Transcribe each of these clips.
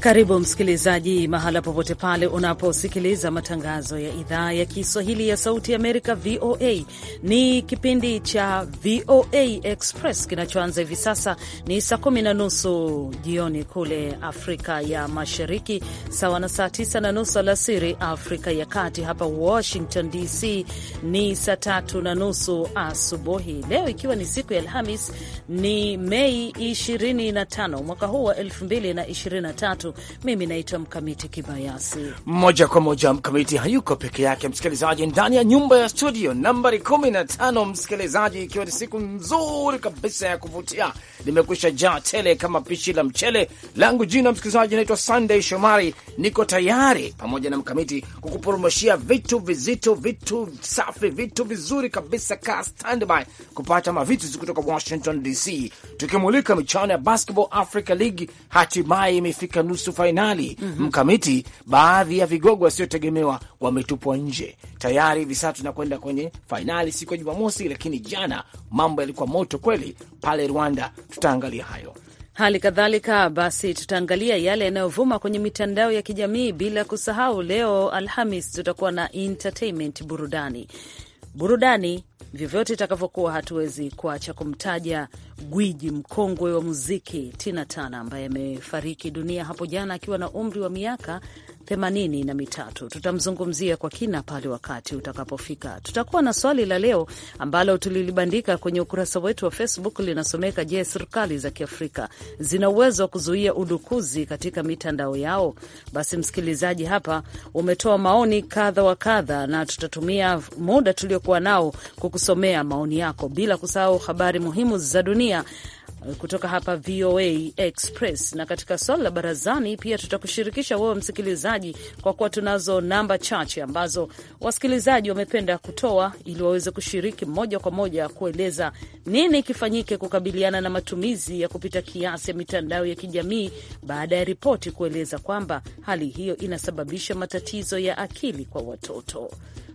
Karibu msikilizaji, mahala popote pale unaposikiliza matangazo ya idhaa ya Kiswahili ya Sauti Amerika, VOA. Ni kipindi cha VOA Express kinachoanza hivi sasa. Ni saa kumi na nusu jioni kule Afrika ya Mashariki, sawa na saa tisa na nusu alasiri Afrika ya Kati. Hapa Washington DC ni saa tatu na nusu asubuhi. Leo ikiwa ni siku ya Alhamis, ni Mei 25 mwaka huu wa 2023 tatu. Mimi naitwa Mkamiti Kibayasi. Moja kwa moja, Mkamiti hayuko peke yake, msikilizaji, ndani ya nyumba ya studio nambari 15, msikilizaji, ikiwa ni siku nzuri kabisa ya kuvutia, limekwisha jaa tele kama pishi la mchele langu. Jina msikilizaji, naitwa Sunday Shomari, niko tayari pamoja na Mkamiti kukuporomoshia vitu vizito, vitu safi, vitu vizuri kabisa. Kaa standby kupata mavitu kutoka Washington DC, tukimulika michuano ya Basketball Africa League, hatimaye imefika nusu nusu fainali mm -hmm. Mkamiti, baadhi ya vigogo wasiotegemewa wametupwa nje tayari. Hivi sasa tunakwenda kwenye fainali siku ya Jumamosi, lakini jana mambo yalikuwa moto kweli pale Rwanda. Tutaangalia hayo hali kadhalika. Basi tutaangalia yale yanayovuma kwenye mitandao ya kijamii, bila kusahau leo Alhamis tutakuwa na entertainment, burudani burudani. Vyovyote itakavyokuwa, hatuwezi kuacha kumtaja gwiji mkongwe wa muziki Tina Turner ambaye amefariki dunia hapo jana akiwa na umri wa miaka themanini na mitatu. Tutamzungumzia kwa kina pale wakati utakapofika. Tutakuwa na swali la leo ambalo tulilibandika kwenye ukurasa wetu wa Facebook, linasomeka: Je, serikali za Kiafrika zina uwezo wa kuzuia udukuzi katika mitandao yao? Basi msikilizaji, hapa umetoa maoni kadha wa kadha, na tutatumia muda tuliokuwa nao kukusomea maoni yako, bila kusahau habari muhimu za dunia kutoka hapa VOA Express. Na katika swala la barazani pia tutakushirikisha wewe msikilizaji, kwa kuwa tunazo namba chache ambazo wasikilizaji wamependa kutoa ili waweze kushiriki moja kwa moja kueleza nini kifanyike kukabiliana na matumizi ya kupita kiasi ya mitandao ya kijamii baada ya ripoti kueleza kwamba hali hiyo inasababisha matatizo ya akili kwa watoto.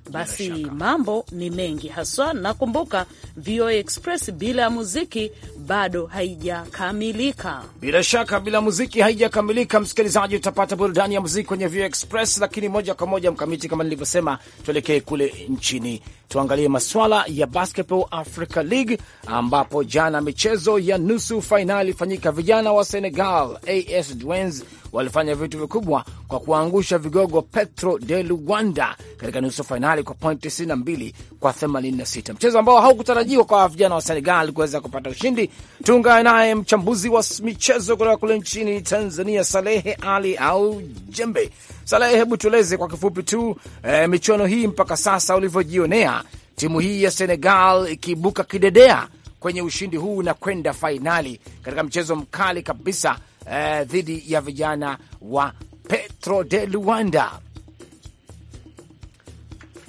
Basi mambo ni mengi haswa. Nakumbuka VOA Express bila ya muziki bado haijakamilika. Bila shaka, bila muziki haijakamilika. Msikilizaji, utapata burudani ya muziki kwenye VOA Express, lakini moja kwa moja, Mkamiti, kama nilivyosema, tuelekee kule nchini tuangalie maswala ya Basketball Africa League ambapo jana michezo ya nusu fainali fanyika. Vijana wa Senegal AS Dwens walifanya vitu vikubwa kwa kuangusha vigogo Petro de Luanda katika nusu fainali kwa pointi 92 kwa 86, mchezo ambao haukutarajiwa kwa vijana wa Senegal kuweza kupata ushindi. Tuungane naye mchambuzi wa michezo kutoka kule nchini Tanzania, Salehe Ali au Jembe. Salehe, hebu tueleze kwa kifupi tu e, michuano hii mpaka sasa ulivyojionea timu hii ya Senegal ikiibuka kidedea kwenye ushindi huu na kwenda fainali katika mchezo mkali kabisa eh, dhidi ya vijana wa Petro de Luanda.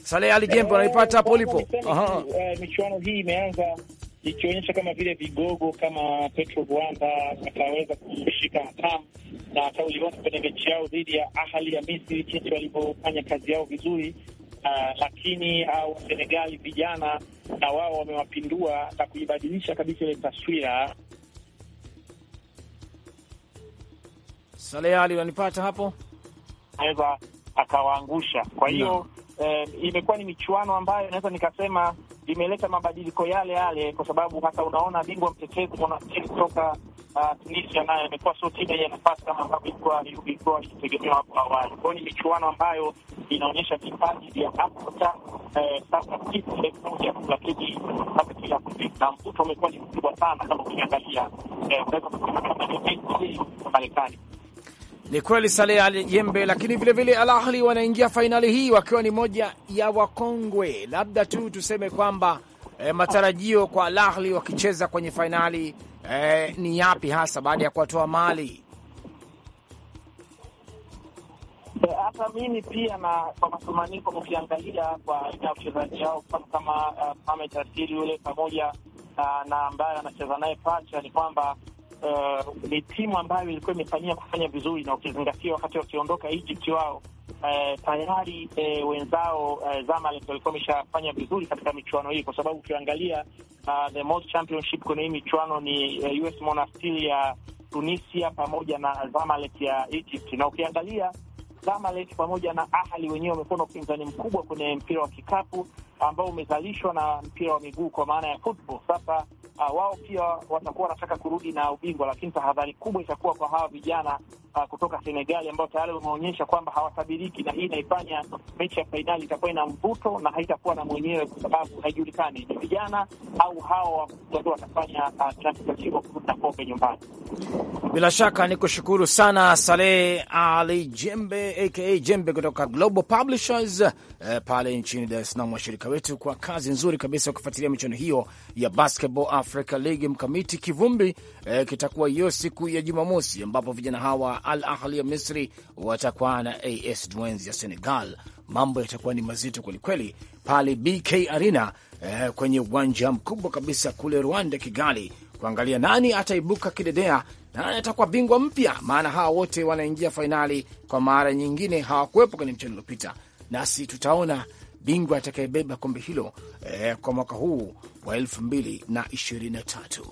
Saleh Ali Jembo anaipata hapo ulipo. Eh, michuano hii imeanza ikionyesha kama vile vigogo kama Petro Luanda ataweza kushika hatamu na hata uliona kwenye mechi yao dhidi ya Ahali ya Misri, jinsi walivyofanya kazi yao vizuri uh, Lakini au Senegali vijana na wao wamewapindua na kuibadilisha kabisa ile taswira. saleali wanipata unanipata hapo? Naweza akawaangusha. Kwa hiyo no. eh, imekuwa ni michuano ambayo naweza nikasema imeleta mabadiliko yale yale, kwa sababu hata unaona bingwa mtetezi kutoka Ah, Tunisia nayo imekuwa sio timu yenye nafasi kama ambavyo ilikuwa ikitegemewa hapo awali. Kwao ni michuano ambayo inaonyesha vipaji vya Afrika eh, sasa siku elfu moja, lakini hata kila na mvuto umekuwa ni mkubwa sana. Kama ukiangalia eh, unaweza kusema kama ni Marekani ni kweli Saleh Ali Jembe, lakini vilevile Al Ahli wanaingia fainali hii wakiwa ni moja ya wakongwe. Labda tu tuseme kwamba eh, matarajio kwa Al Ahli wakicheza kwenye fainali eh, ni yapi hasa baada ya kuwatoa mali? Eh, Hata mimi pia na kwa matamaniko, ukiangalia kwa wachezaji hao kama eh, Mohamed Asiri yule pamoja eh, na ambaye anacheza naye pacha, ni kwamba ni timu ambayo ilikuwa imefanyia kufanya vizuri, na ukizingatia wakati wakiondoka Egypt wao eh, tayari eh, wenzao eh, Zamalek walikuwa wameshafanya vizuri katika michuano hii, kwa sababu ukiangalia uh, the most championship kwenye hii michuano ni eh, US Monastir ya Tunisia pamoja na Zamalek ya Egypt, na ukiangalia Zamalek pamoja na ahali wenyewe wamekuwa na upinzani mkubwa kwenye mpira wa kikapu ambao umezalishwa na mpira wa miguu kwa maana ya football. Sasa uh, wao pia watakuwa wanataka kurudi na ubingwa, lakini tahadhari kubwa itakuwa kwa hawa vijana uh, kutoka Senegali ambao tayari wameonyesha kwamba hawatabiriki, na hii inaifanya mechi ya fainali itakuwa ina mvuto na haitakuwa na mwenyewe, kwa sababu haijulikani ni vijana au hawa ndio watafanya kinachotakiwa kurudi na kombe nyumbani. Bila shaka ni kushukuru sana Saleh Ali Jembe aka Jembe kutoka Global Publishers eh, pale nchini Dar es Salaam, washirika mwanasoka wetu kwa kazi nzuri kabisa kufuatilia michuano hiyo ya Basketball Africa League. Mkamiti Kivumbi eh, kitakuwa hiyo siku ya Jumamosi ambapo vijana hawa Al Ahli ya Misri watakuwa na AS Douanes ya Senegal. Mambo yatakuwa ni mazito kwelikweli pale BK Arena eh, kwenye uwanja mkubwa kabisa kule Rwanda, Kigali, kuangalia nani ataibuka kidedea nani atakuwa bingwa mpya, maana hawa wote wanaingia fainali kwa mara nyingine, hawakuwepo kwenye mchezo uliopita, nasi tutaona bingwa atakayebeba kombe hilo eh, kwa mwaka huu wa 2023.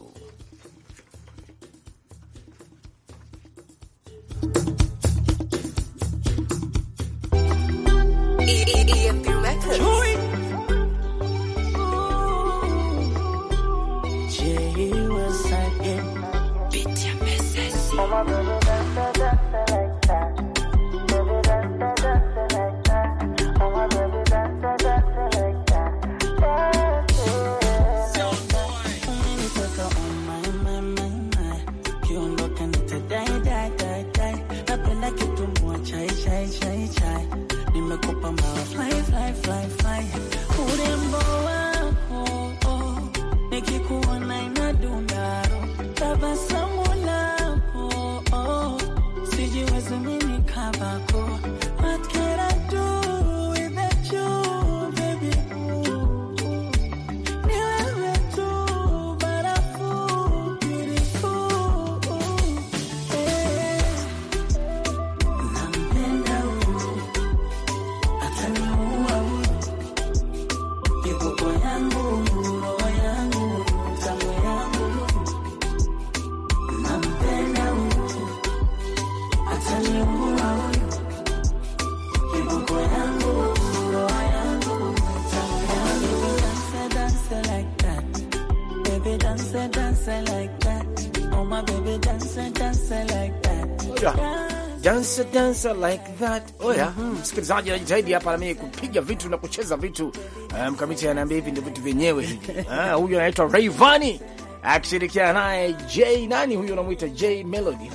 dancer like that. Oya, oh, mm-hmm. msikilizaji anajitahidi hapa nami kupiga vitu na kucheza vitu. Eh, mkamiti anaambia hivi ndio vitu vyenyewe hivi. Eh, huyu anaitwa Rayvanny akishirikiana naye J nani huyu, anamuita J Melody.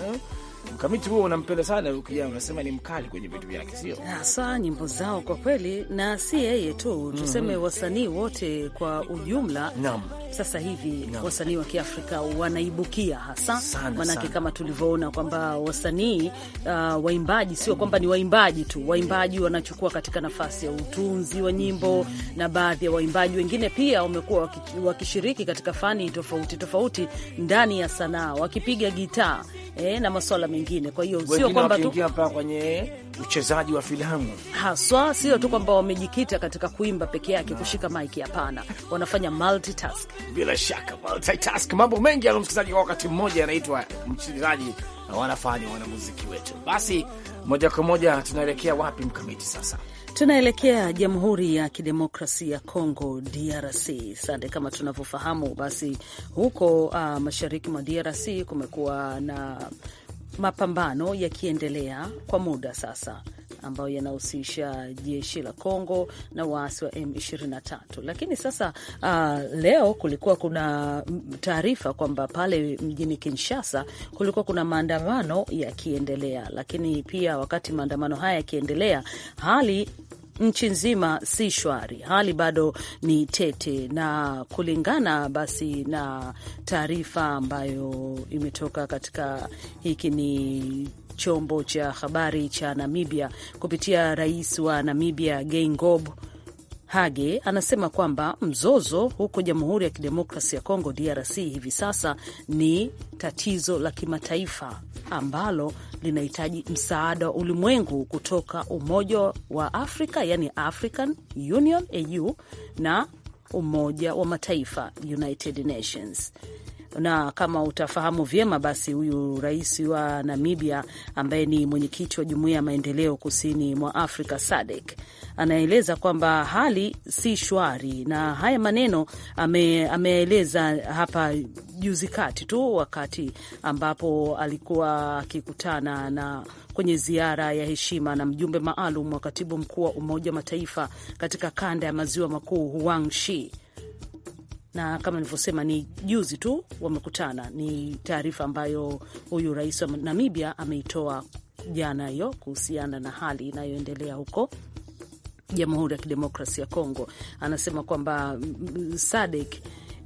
Mkamiti, huo unampenda sana huyu unasema ni mkali kwenye vitu vyake, sio hasa nyimbo zao kwa kweli, na si yeye tu tuseme, mm -hmm. wasanii wote kwa ujumla Nam. Sasa hivi wasanii wa Kiafrika wanaibukia hasa manake Kama tulivyoona kwamba wasanii uh, waimbaji sio kwamba ni waimbaji tu, waimbaji wanachukua katika nafasi ya utunzi wa nyimbo mm -hmm. na baadhi ya waimbaji wengine pia wamekuwa wakishiriki katika fani tofauti tofauti ndani ya sanaa wakipiga gitaa eh, na masuala mengine. Kwa hiyo sio kwamba tu kwenye uchezaji wa filamu haswa, sio tu kwamba wamejikita katika kuimba peke yake kushika maiki, hapana, wanafanya multitask. Bila shaka multitask, mambo mengi ya msikilizaji kwa wakati mmoja, yanaitwa mchezaji na wanafanya wanamuziki wetu. Basi moja kwa moja tunaelekea wapi mkamiti sasa? Tunaelekea Jamhuri ya Kidemokrasia ya Kongo, DRC. Sande, kama tunavyofahamu, basi huko uh, mashariki mwa DRC kumekuwa na mapambano yakiendelea kwa muda sasa ambayo yanahusisha jeshi la Kongo na waasi wa M23. Lakini sasa uh, leo kulikuwa kuna taarifa kwamba pale mjini Kinshasa kulikuwa kuna maandamano yakiendelea, lakini pia wakati maandamano haya yakiendelea, hali nchi nzima si shwari, hali bado ni tete, na kulingana basi na taarifa ambayo imetoka katika hiki ni chombo cha habari cha Namibia kupitia rais wa Namibia Geingob Hage anasema kwamba mzozo huko Jamhuri ya Kidemokrasi ya Kongo DRC hivi sasa ni tatizo la kimataifa ambalo linahitaji msaada wa ulimwengu kutoka Umoja wa Afrika, yani African Union AU na Umoja wa Mataifa United Nations na kama utafahamu vyema, basi huyu rais wa Namibia ambaye ni mwenyekiti wa jumuiya ya maendeleo kusini mwa Afrika SADC anaeleza kwamba hali si shwari, na haya maneno ameeleza hapa juzi kati tu, wakati ambapo alikuwa akikutana na kwenye ziara ya heshima na mjumbe maalum wa katibu mkuu wa Umoja wa Mataifa katika kanda ya maziwa makuu Huang Shi na kama nilivyosema ni juzi tu wamekutana. Ni taarifa ambayo huyu rais wa Namibia ameitoa jana hiyo kuhusiana na hali inayoendelea huko Jamhuri ya Kidemokrasia ya Kongo. Anasema kwamba mm, mm, SADC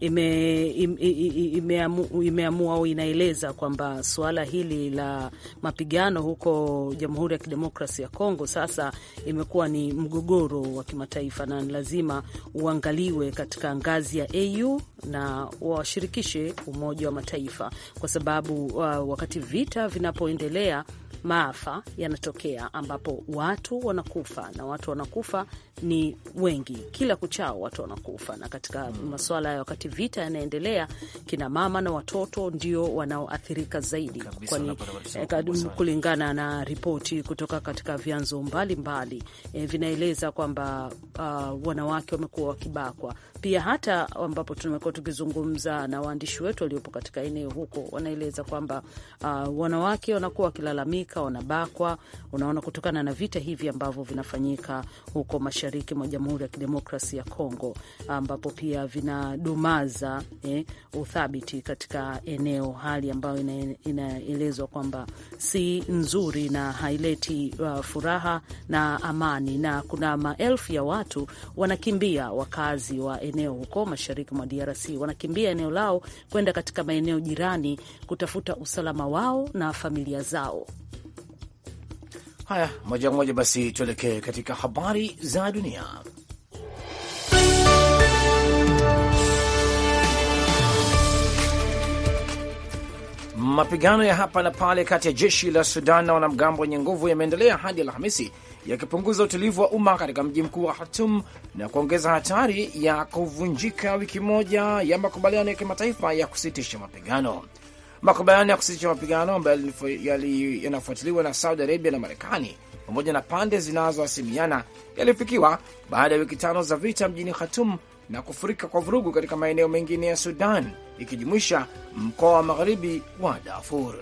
ime, ime, imeamua au inaeleza kwamba suala hili la mapigano huko Jamhuri ya Kidemokrasi ya Kongo sasa imekuwa ni mgogoro wa kimataifa na lazima uangaliwe katika ngazi ya AU na washirikishe Umoja wa Mataifa kwa sababu uh, wakati vita vinapoendelea maafa yanatokea, ambapo watu wanakufa na watu wanakufa ni wengi, kila kuchao watu wanakufa. Na katika hmm. masuala ya wakati vita yanaendelea, kina mama na watoto ndio wanaoathirika zaidi, kwani eh, kulingana na ripoti kutoka katika vyanzo mbalimbali mbali, eh, e, vinaeleza kwamba uh, wanawake wamekuwa wakibakwa pia hata ambapo tumekuwa tukizungumza na waandishi wetu waliopo katika eneo huko, wanaeleza kwamba uh, wanawake wanakuwa wakilalamika, wanabakwa, unaona, kutokana na vita hivi ambavyo vinafanyika huko mashariki mwa Jamhuri ya Kidemokrasi ya Kongo, ambapo pia vinadumaza eh, uthabiti katika eneo, hali ambayo inaelezwa kwamba si nzuri na haileti uh, furaha na amani, na kuna maelfu ya watu wanakimbia wakazi wa eneo eneo huko mashariki mwa DRC. Wanakimbia eneo lao kwenda katika maeneo jirani kutafuta usalama wao na familia zao. Haya, moja kwa moja basi tuelekee katika habari za dunia. Mapigano ya hapa na pale kati ya jeshi la Sudan na wanamgambo wenye nguvu yameendelea hadi Alhamisi yakipunguza utulivu wa umma katika mji mkuu wa Khartoum na kuongeza hatari ya kuvunjika wiki moja ya makubaliano ya kimataifa ya kusitisha mapigano. Makubaliano ya kusitisha mapigano ambayo yanafuatiliwa na Saudi Arabia na Marekani pamoja na pande zinazohasimiana yaliyofikiwa baada ya wiki tano za vita mjini Khartoum na kufurika kwa vurugu katika maeneo mengine ya Sudan ikijumuisha mkoa wa magharibi wa Darfur.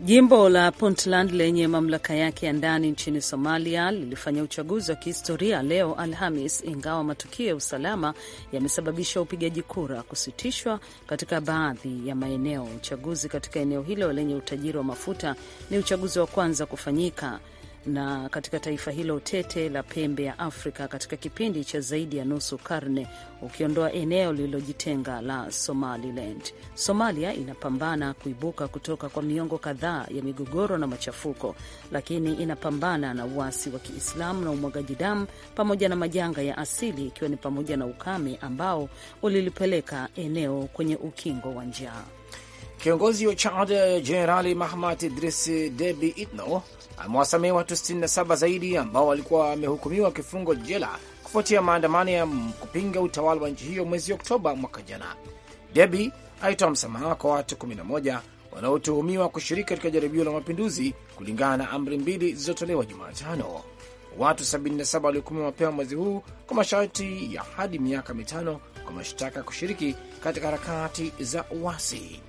Jimbo la Puntland lenye mamlaka yake ya ndani nchini Somalia lilifanya uchaguzi wa kihistoria leo Alhamis, ingawa matukio ya usalama yamesababisha upigaji kura kusitishwa katika baadhi ya maeneo. Uchaguzi katika eneo hilo lenye utajiri wa mafuta ni uchaguzi wa kwanza kufanyika na katika taifa hilo tete la pembe ya Afrika katika kipindi cha zaidi ya nusu karne, ukiondoa eneo lililojitenga la Somaliland. Somalia inapambana kuibuka kutoka kwa miongo kadhaa ya migogoro na machafuko, lakini inapambana na uasi wa Kiislamu na umwagaji damu pamoja na majanga ya asili, ikiwa ni pamoja na ukame ambao ulilipeleka eneo kwenye ukingo wa njaa. Kiongozi wa Chad Jenerali Mahmad Idris Debi Itno amewasamehe watu 67 zaidi ambao walikuwa wamehukumiwa kifungo jela kufuatia maandamano ya kupinga utawala wa nchi hiyo mwezi Oktoba mwaka jana. Debi alitoa msamaha kwa watu 11 wanaotuhumiwa kushiriki katika jaribio la mapinduzi kulingana na amri mbili zilizotolewa Jumatano. Watu 77 walihukumiwa mapema mwezi huu kwa masharti ya hadi miaka mitano kwa mashtaka ya kushiriki katika harakati za uasi.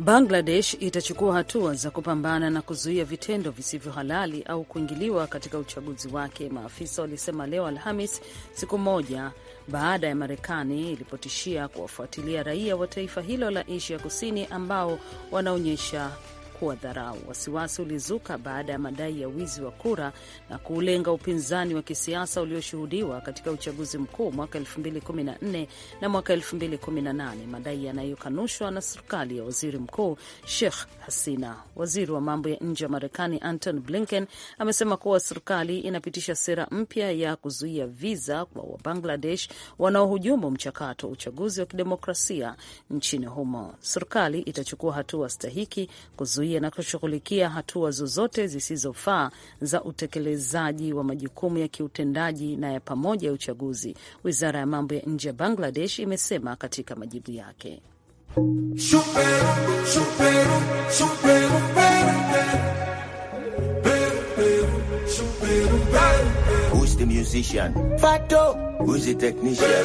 Bangladesh itachukua hatua za kupambana na kuzuia vitendo visivyo halali au kuingiliwa katika uchaguzi wake, maafisa walisema leo Alhamis, siku moja baada ya Marekani ilipotishia kuwafuatilia raia wa taifa hilo la Asia Kusini ambao wanaonyesha kuwa dharau. Wasiwasi ulizuka baada ya madai ya wizi wa kura na kuulenga upinzani wa kisiasa ulioshuhudiwa katika uchaguzi mkuu mwaka 2014 na mwaka 2018, madai yanayokanushwa na serikali ya waziri mkuu Sheikh Hasina. Waziri wa mambo ya nje wa Marekani Anton Blinken amesema kuwa serikali inapitisha sera mpya ya kuzuia viza kwa Wabangladesh wanaohujumu mchakato wa uchaguzi wa kidemokrasia nchini humo. Serikali itachukua hatua stahiki kuzuia kuzuia na kushughulikia hatua zozote zisizofaa za utekelezaji wa majukumu ya kiutendaji na ya pamoja ya uchaguzi, wizara ya mambo ya nje ya Bangladesh imesema katika majibu yake. Shuperu, shuperu, shuperu, peru, peru, peru, shuperu, peru, Who's the musician? Fato. Who's the technician?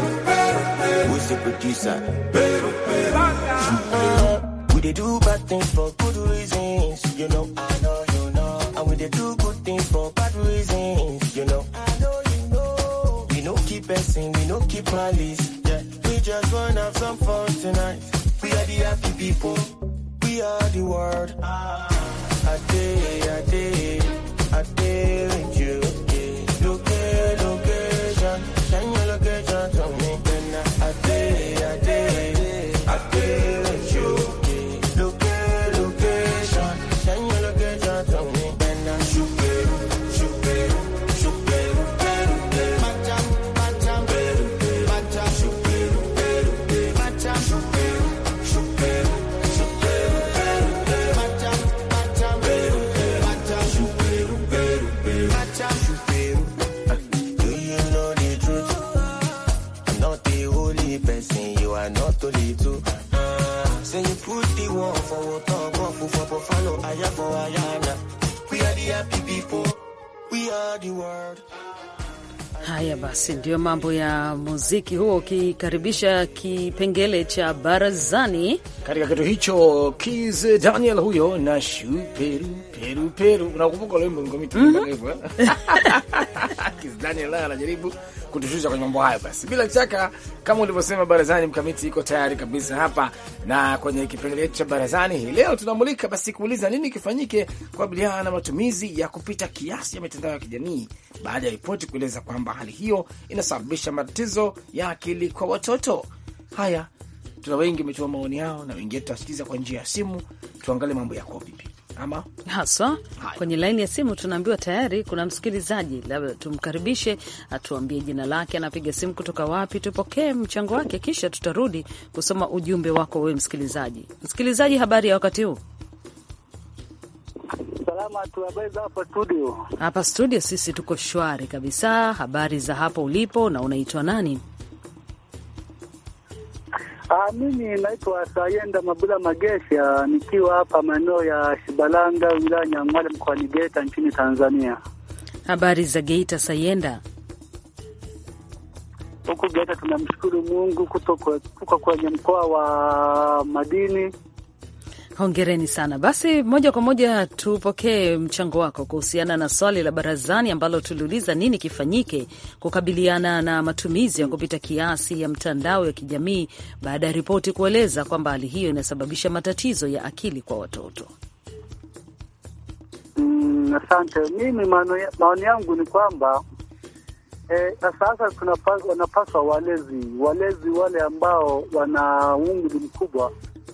Who's the producer? Peru, uh, peru, they do bad things for good reasons, you know. I know you know. And we they do good things for bad reasons, you know. I know you know. We no keep passing, we no keep malice. Yeah, we just wanna have some fun tonight. We are the happy people. We are the world. Ah. I day, I day, I day with you. follow aya for ayana. We are the happy people. We are the world. Haya basi, ndio mambo ya muziki huo, ukikaribisha kipengele cha barazani katika kitu hicho. Kiz Daniel huyo na shu peru peru peru, unakumbuka ule wimbo mm -hmm. barani Ulaya anajaribu kutushusha kwenye mambo hayo. Basi bila shaka, kama ulivyosema, barazani mkamiti iko tayari kabisa hapa, na kwenye kipengele cha barazani hii leo tunamulika basi kuuliza nini kifanyike kukabiliana na matumizi ya kupita kiasi ya mitandao ya kijamii baada ya ripoti kueleza kwamba hali hiyo inasababisha matatizo ya akili kwa watoto. Haya, tuna wengi wametoa maoni yao na wengine tutasikiza kwa njia ya simu. Tuangalie mambo yako vipi ama haswa. Kwenye laini ya simu tunaambiwa tayari kuna msikilizaji, labda tumkaribishe, atuambie jina lake, anapiga simu kutoka wapi, tupokee mchango wake, kisha tutarudi kusoma ujumbe wako wewe msikilizaji. Msikilizaji, habari ya wakati huu? Salama tu, habari za hapa studio? Hapa studio sisi tuko shwari kabisa. Habari za hapo ulipo, na unaitwa nani? Ah, mimi naitwa Sayenda Mabula Magesha nikiwa hapa maeneo ya Shibalanga wilaya nyangwale mkoani Geita nchini Tanzania. Habari za Geita, Sayenda? Huku Geita tunamshukuru Mungu kutoka kwenye mkoa wa madini Hongereni sana. Basi moja kwa moja tupokee mchango wako kuhusiana na swali la barazani ambalo tuliuliza nini kifanyike kukabiliana na matumizi ya kupita kiasi ya mtandao ya kijamii baada ya ripoti kueleza kwamba hali hiyo inasababisha matatizo ya akili kwa watoto. Mm, asante. Mimi maoni yangu ni kwamba eh, na eh, sasa wanapaswa walezi walezi wale ambao wana umri mkubwa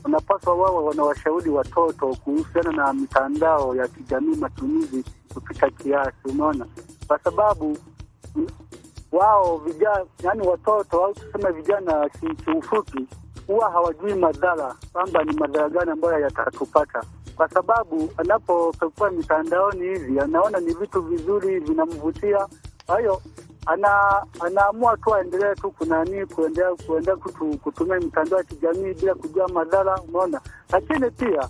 wanapaswa wawe wanawashauri watoto kuhusiana na mitandao ya kijamii, matumizi kupita kiasi, umeona, kwa sababu wao vijana, yani watoto au tuseme vijana kiufupi, huwa hawajui madhara kwamba ni madhara gani ambayo yatatupata kwa sababu anapopekua mitandaoni hivi anaona ni vitu vizuri vinamvutia. Kwa hiyo ana, anaamua tu aendelee tu kunanii kuendea kuendea kutu, kutumia mitandao ya kijamii bila kujua madhara, umeona. Lakini pia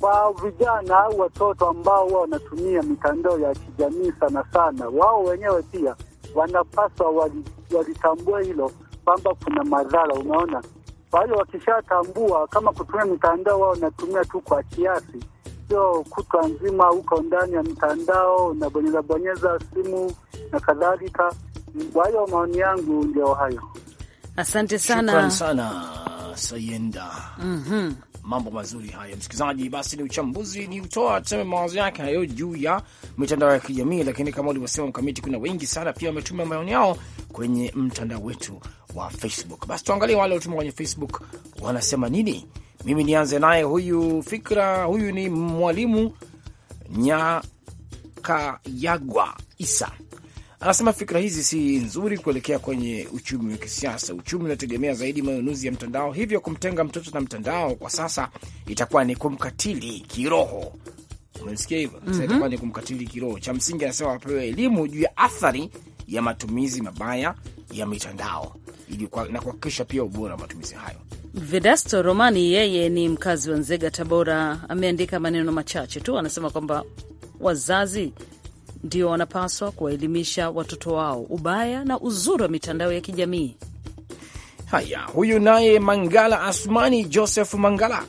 kwa vijana au watoto ambao wao wanatumia mitandao ya kijamii sana sana, wao wenyewe pia wanapaswa walitambua hilo kwamba kuna madhara, unaona. Kwa hiyo wakishatambua kama kutumia mitandao, wao wanatumia tu kwa kiasi, sio kutwa nzima huko ndani ya mitandao na bonyeza bonyeza simu na kadhalika. Kwa hiyo maoni yangu ndio hayo. Asante sana, shukran sana Sayenda. mm -hmm. Mambo mazuri haya, msikilizaji. Basi ni uchambuzi ni utoa tuseme mawazo yake hayo juu ya mitandao ya kijamii, lakini kama ulivyosema Mkamiti, kuna wengi sana pia wametuma maoni yao kwenye mtandao wetu wa Facebook. Basi tuangalie wale waliotuma kwenye Facebook wanasema nini. Mimi nianze naye huyu Fikra, huyu ni mwalimu Nyakayagwa Isa Anasema fikra hizi si nzuri kuelekea kwenye uchumi wa kisiasa. Uchumi unategemea zaidi manunuzi ya mtandao, hivyo kumtenga mtoto na mtandao kwa sasa itakuwa ni kumkatili kiroho. Umemsikia hivyo? mm -hmm. Itakuwa ni kumkatili kiroho. Cha msingi, anasema wapewe elimu juu ya athari ya matumizi mabaya ya mitandao ili na kuhakikisha pia ubora wa matumizi hayo. Vedasto Romani, yeye ni mkazi wa Nzega, Tabora, ameandika maneno machache tu, anasema kwamba wazazi ndio wanapaswa kuwaelimisha watoto wao ubaya na uzuri wa mitandao ya kijamii. Haya, huyu naye Mangala Asmani Joseph Mangala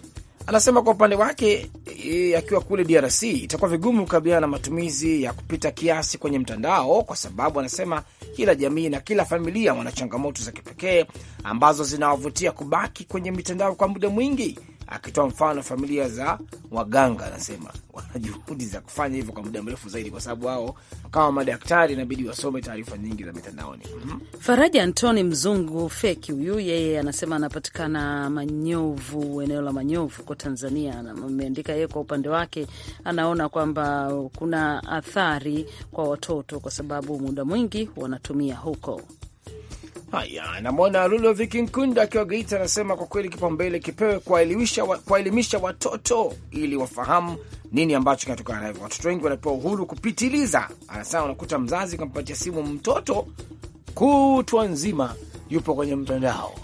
anasema kwa upande wake e, akiwa kule DRC itakuwa vigumu kukabiliana na matumizi ya kupita kiasi kwenye mtandao, kwa sababu anasema kila jamii na kila familia wana changamoto za kipekee ambazo zinawavutia kubaki kwenye mitandao kwa muda mwingi akitoa mfano familia za waganga. Anasema wana juhudi za kufanya hivyo kwa muda mrefu zaidi, kwa sababu wao kama madaktari inabidi wasome taarifa nyingi za mitandaoni. mm -hmm. Faraja Antoni Mzungu Feki huyu yeye anasema anapatikana Manyovu, eneo la Manyovu huko Tanzania. Ameandika yeye kwa upande wake anaona kwamba kuna athari kwa watoto, kwa sababu muda mwingi wanatumia huko Haya, namwona Viki Nkunda akiwa Geita, anasema kwa kweli kipaumbele kipewe kuwaelimisha wa, watoto ili wafahamu nini ambacho kinatokana na hivyo. Watoto wengi wanapewa uhuru kupitiliza, anasema unakuta mzazi kampatia simu mtoto kutwa nzima yupo kwenye mtandao.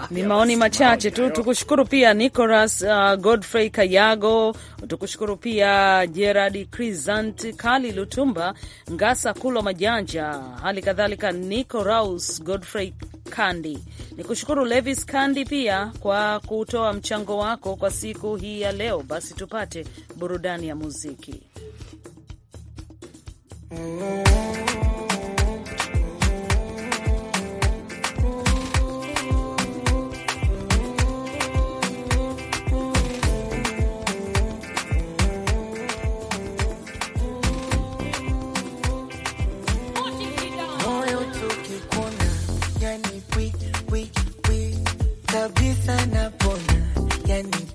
Ni maoni machache tu. Tukushukuru pia Nicolas uh, Godfrey Kayago, tukushukuru pia Gerard Crisant, Kali Lutumba, Ngasa Kulo Majanja, hali kadhalika Nicoraus Godfrey Kandi. Nikushukuru Levis Kandi pia kwa kutoa mchango wako kwa siku hii ya leo. Basi tupate burudani ya muziki. Mm-hmm. kabisa napona yani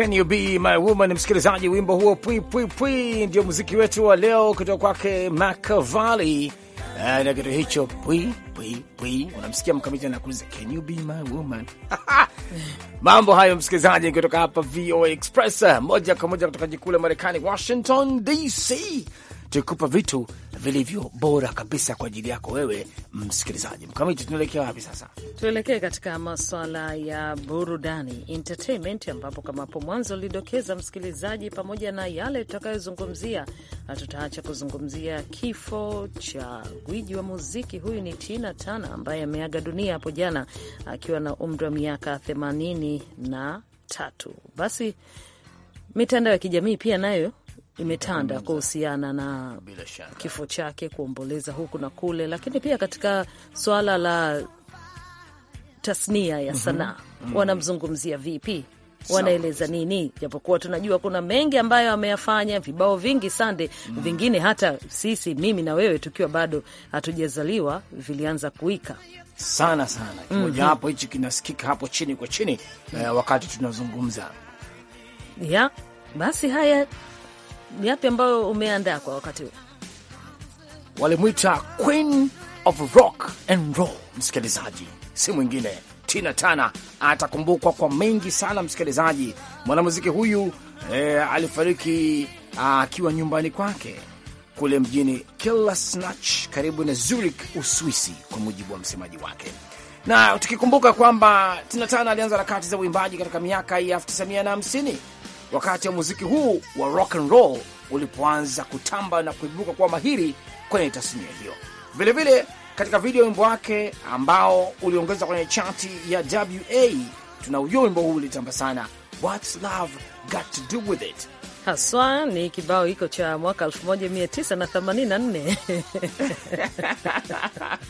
Can You Be My Woman, msikilizaji, wimbo huo pwi pwi pwi ndio muziki wetu wa leo kutoka kwake Makavali eh, na kitu hicho pwi pwi pwi. Unamsikia mkamiti anakuuliza Can You Be My Woman? Mambo hayo msikilizaji, kutoka hapa VOA Express eh, moja kwa moja kutoka jikuu la Marekani, Washington DC tukikupa vitu vilivyo bora kabisa kwa ajili yako wewe msikilizaji. Mkamiti, tunaelekea wapi sasa? Tuelekee katika maswala ya burudani, entertainment, ambapo kama hapo mwanzo ulidokeza msikilizaji, pamoja na yale tutakayozungumzia, hatutaacha kuzungumzia kifo cha gwiji wa muziki huyu ni Tina Tana ambaye ameaga dunia hapo jana akiwa na umri wa miaka themanini na tatu. Basi mitandao ya kijamii pia nayo imetanda kuhusiana na kifo chake, kuomboleza huku na kule, lakini pia katika swala la tasnia ya mhm. sanaa mm -hmm. wanamzungumzia vipi? Wanaeleza nini? Japokuwa tunajua kuna mengi ambayo ameyafanya, vibao vingi sande, mm. vingine hata sisi, mimi na wewe, tukiwa bado hatujazaliwa vilianza kuika sana sana. Kimoja mhm. hapo mm -hmm. hichi kinasikika hapo chini kwa chini, mm -hmm. eh, wakati tunazungumza ya basi haya ni yapi ambayo umeandaa kwa wakati huu? Walimwita Queen of Rock and Roll, msikilizaji, si mwingine Tina Tana Atakumbukwa kwa mengi sana, msikilizaji. Mwanamuziki huyu eh, alifariki ah, akiwa ah, nyumbani kwake kule mjini killasnach karibu na Zurich, Uswisi, kwa mujibu wa msemaji wake. Na tukikumbuka kwamba Tina alianza harakati za uimbaji katika miaka ya 1950 wakati wa muziki huu wa rock and roll ulipoanza kutamba na kuibuka kwa mahiri kwenye tasnia hiyo. Vilevile katika video wimbo wake ambao uliongeza kwenye chati ya WA, tunaujua wimbo huu ulitamba sana, What's Love Got to Do With It haswa ni kibao hiko cha mwaka 1984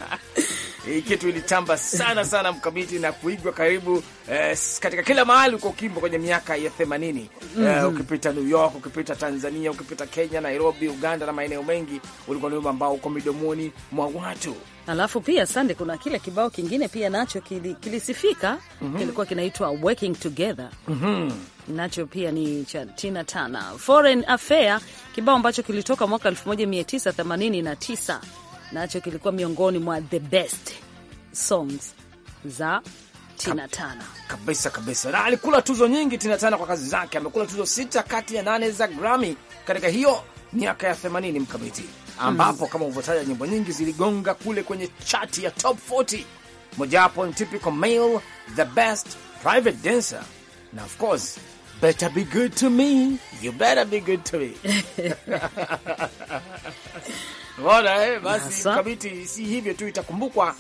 hii kitu ilitamba sana sana mkamiti na kuigwa karibu eh, katika kila mahali uko ukimbo kwenye miaka ya themanini mm -hmm. eh, mhm. ukipita New York, ukipita Tanzania, ukipita Kenya, Nairobi, Uganda na maeneo mengi, ulikuwa ni wimbo ambao uko midomoni mwa watu. Alafu pia sande, kuna kile kibao kingine pia nacho kilisifika kili mm -hmm. kilikuwa kinaitwa working together mm -hmm nacho pia ni cha Tina Turner. Foreign Affair, kibao ambacho kilitoka mwaka 1989 nacho kilikuwa miongoni mwa the best songs za Tina kabisa kabisa, na alikula tuzo nyingi Tina kwa kazi zake. Amekula tuzo sita kati ya nane za Grammy katika hiyo miaka ya 80 mkabiti, ambapo mm, kama ulivyotaja nyimbo nyingi ziligonga kule kwenye chati ya top 40. Mojawapo ni Typical Male, The Best, Private Dancer na of course Better be good to me. You better be good to me. bona eh, basi kabiti si hivyo tu, itakumbukwa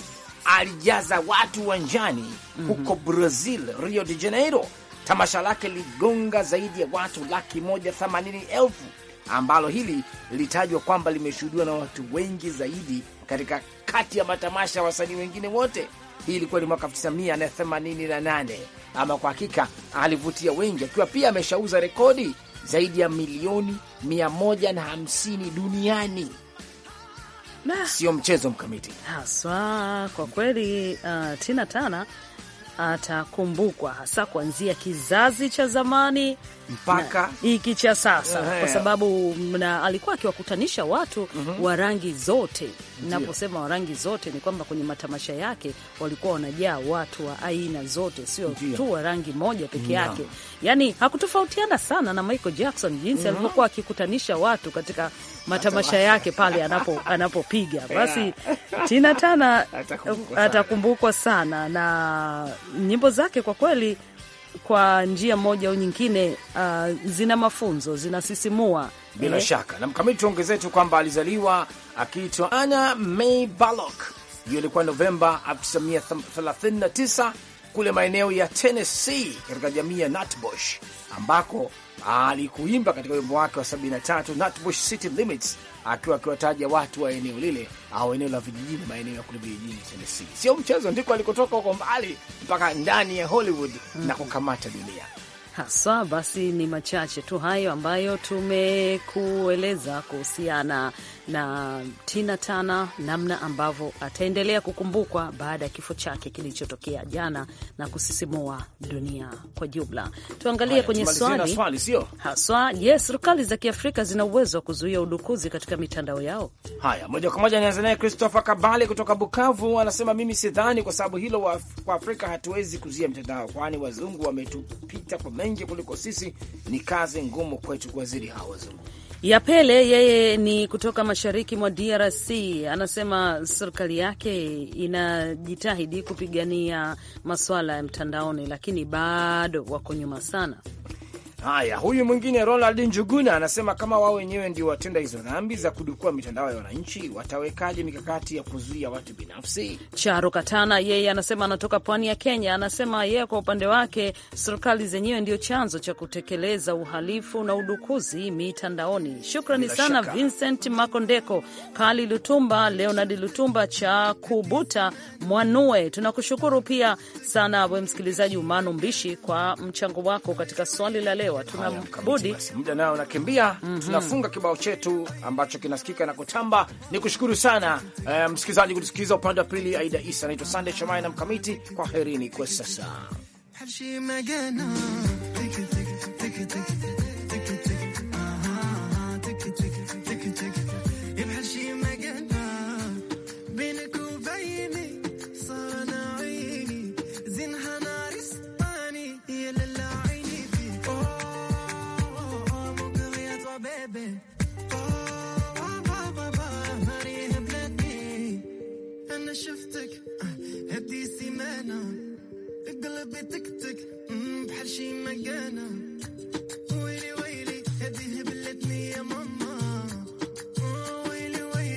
alijaza watu uwanjani mm -hmm. huko Brazil, Rio de Janeiro. Tamasha lake ligonga zaidi ya watu laki moja themanini elfu ambalo hili lilitajwa kwamba limeshuhudiwa na watu wengi zaidi katika kati ya matamasha ya wasanii wengine wote. Hii ilikuwa ni mwaka 1988. Ama kwa hakika alivutia wengi, akiwa pia ameshauza rekodi zaidi ya milioni 150 duniani sio mchezo mkamiti haswa kwa kweli. Uh, Tina Tana atakumbukwa hasa kuanzia kizazi cha zamani mpaka hiki cha sasa, eh, kwa eh. sababu na alikuwa akiwakutanisha watu mm -hmm. wa rangi zote Naposema rangi zote ni kwamba kwenye matamasha yake walikuwa wanajaa watu wa aina zote, sio tu wa rangi moja peke yake. Yani hakutofautiana sana na Michael Jackson jinsi mm-hmm. alivyokuwa akikutanisha watu katika matamasha yake pale anapo anapopiga basi. Tina Tana atakumbukwa sana na nyimbo zake kwa kweli, kwa njia moja au nyingine, uh, zina mafunzo, zinasisimua bila mm shaka na mkamiti tuongezee tu kwamba alizaliwa akiitwa Anna May Ballock. Hiyo ilikuwa Novemba 1939 kule maeneo ya Tennessee katika jamii ya Natbush ambako alikuimba katika wimbo wake wa 73 Natbush City Limits, akiwa akiwataja watu wa eneo lile au eneo la vijijini, maeneo ya kule vijijini Tennessee. Sio mchezo, ndiko alikotoka huko mbali mpaka ndani ya Hollywood mm -hmm. na kukamata dunia haswa. Basi ni machache tu hayo ambayo tumekueleza kuhusiana na Tina Tana, namna ambavyo ataendelea kukumbukwa baada ya kifo chake kilichotokea jana na kusisimua dunia kwa jumla. Tuangalie Haya, kwenye swali, swali sio haswa. Je, yes, serikali za Kiafrika zina uwezo wa kuzuia udukuzi katika mitandao yao? Haya, moja kwa moja nianze naye Christopher Kabale kutoka Bukavu, anasema mimi sidhani, kwa sababu hilo wa, kwa Afrika hatuwezi kuzuia mitandao, kwani wazungu wametupita kwa mengi kuliko sisi. Ni kazi ngumu kwetu kuwazidi hawa wazungu ya pele yeye ni kutoka mashariki mwa DRC, anasema serikali yake inajitahidi kupigania masuala ya mtandaoni, lakini bado wako nyuma sana. Haya, huyu mwingine Ronald Njuguna anasema kama wao wenyewe ndio watenda hizo dhambi za kudukua mitandao ya wananchi, watawekaje mikakati ya kuzuia watu binafsi? Charo Katana yeye anasema anatoka pwani ya Kenya, anasema yeye kwa upande wake serikali zenyewe ndio chanzo cha kutekeleza uhalifu na udukuzi mitandaoni. Shukrani Mila sana shaka. Vincent Makondeko, Kali Lutumba, Leonard Lutumba cha Kubuta Mwanue, tunakushukuru pia sana we msikilizaji Umano Mbishi kwa mchango wako katika swali la leo kuchelewa. Tunabudi muda nao nakimbia. mm -hmm. Tunafunga kibao chetu ambacho kinasikika na kutamba. Ni kushukuru sana uh, msikilizaji kutusikiliza upande wa pili. Aida Isa naitwa Sande Shomai na Mkamiti, kwa herini kwa sasa.